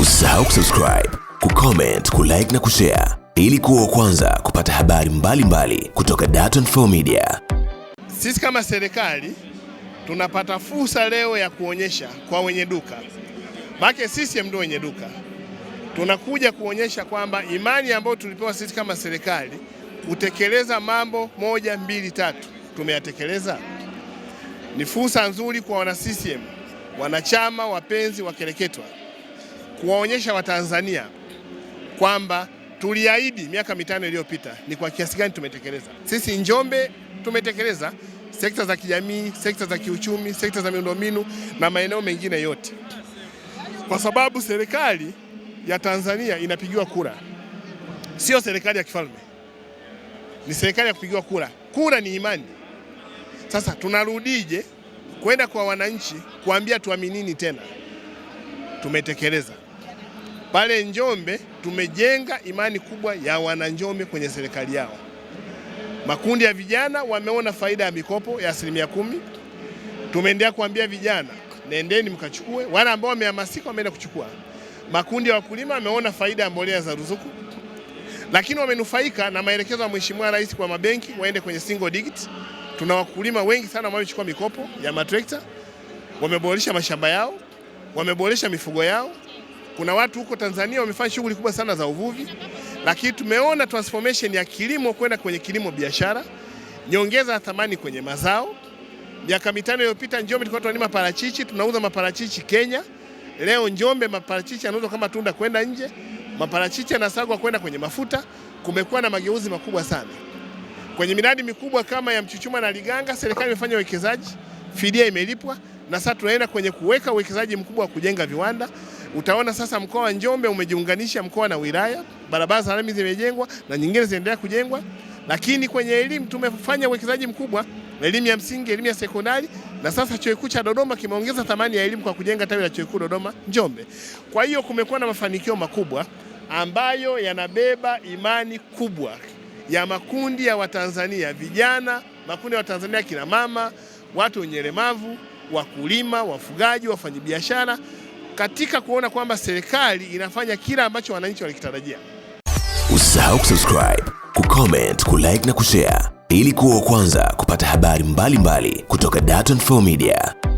Usisahau kusubscribe, kucomment, kulike na kushare ili kuwa kwanza kupata habari mbalimbali mbali kutoka Dar24 Media. Sisi kama serikali tunapata fursa leo ya kuonyesha kwa wenye duka make, sisi ndio wenye duka, tunakuja kuonyesha kwamba imani ambayo tulipewa sisi kama serikali kutekeleza mambo moja mbili tatu tumeyatekeleza. Ni fursa nzuri kwa wana CCM, wanachama wapenzi wa kereketwa kuwaonyesha Watanzania kwamba tuliahidi miaka mitano iliyopita, ni kwa kiasi gani tumetekeleza. Sisi Njombe tumetekeleza sekta za kijamii, sekta za kiuchumi, sekta za miundombinu na maeneo mengine yote, kwa sababu serikali ya Tanzania inapigiwa kura, sio serikali ya kifalme, ni serikali ya kupigiwa kura. Kura ni imani. Sasa tunarudije kwenda kwa wananchi kuambia tuaminini tena, tumetekeleza. Pale Njombe tumejenga imani kubwa ya wananjombe kwenye serikali yao. Makundi ya vijana wameona faida ya mikopo ya asilimia kumi. Tumeendelea kuambia vijana, nendeni mkachukue. Wale ambao wamehamasika wameenda kuchukua. Makundi ya wakulima wameona faida ya mbolea za ruzuku, lakini wamenufaika na maelekezo ya Mheshimiwa Rais kwa mabenki waende kwenye single digit. Tuna wakulima wengi sana wamechukua mikopo ya matrekta, wameboresha mashamba yao, wameboresha mifugo yao. Kuna watu huko Tanzania wamefanya shughuli kubwa sana za uvuvi, lakini tumeona transformation ya kilimo kwenda kwenye kilimo biashara, nyongeza ya thamani kwenye mazao. Miaka mitano iliyopita Njombe tulikuwa tunalima parachichi, tunauza maparachichi Kenya. Leo Njombe maparachichi yanauzwa kama tunda kwenda nje, maparachichi yanasagwa kwenda kwenye mafuta. Kumekuwa na mageuzi makubwa sana kwenye miradi mikubwa kama ya Mchuchuma na Liganga. Serikali imefanya uwekezaji, fidia imelipwa, na sasa tunaenda kwenye kuweka uwekezaji mkubwa wa kujenga viwanda. Utaona sasa mkoa wa Njombe umejiunganisha mkoa na wilaya, barabara za lami zimejengwa na nyingine zinaendelea kujengwa. Lakini kwenye elimu tumefanya uwekezaji mkubwa, elimu ya msingi, elimu ya sekondari, na sasa chuo kikuu cha Dodoma kimeongeza thamani ya elimu kwa kujenga tawi la chuo kikuu Dodoma Njombe. Kwa hiyo kumekuwa na mafanikio makubwa ambayo yanabeba imani kubwa ya makundi ya Watanzania vijana, makundi ya Watanzania kina mama, watu wenye ulemavu, wakulima, wafugaji, wafanyabiashara katika kuona kwamba serikali inafanya kila ambacho wananchi walikitarajia. Usisahau kusubscribe, kucomment, kulike na kushare ili kuwa wa kwanza kupata habari mbalimbali mbali kutoka Dar24 Media.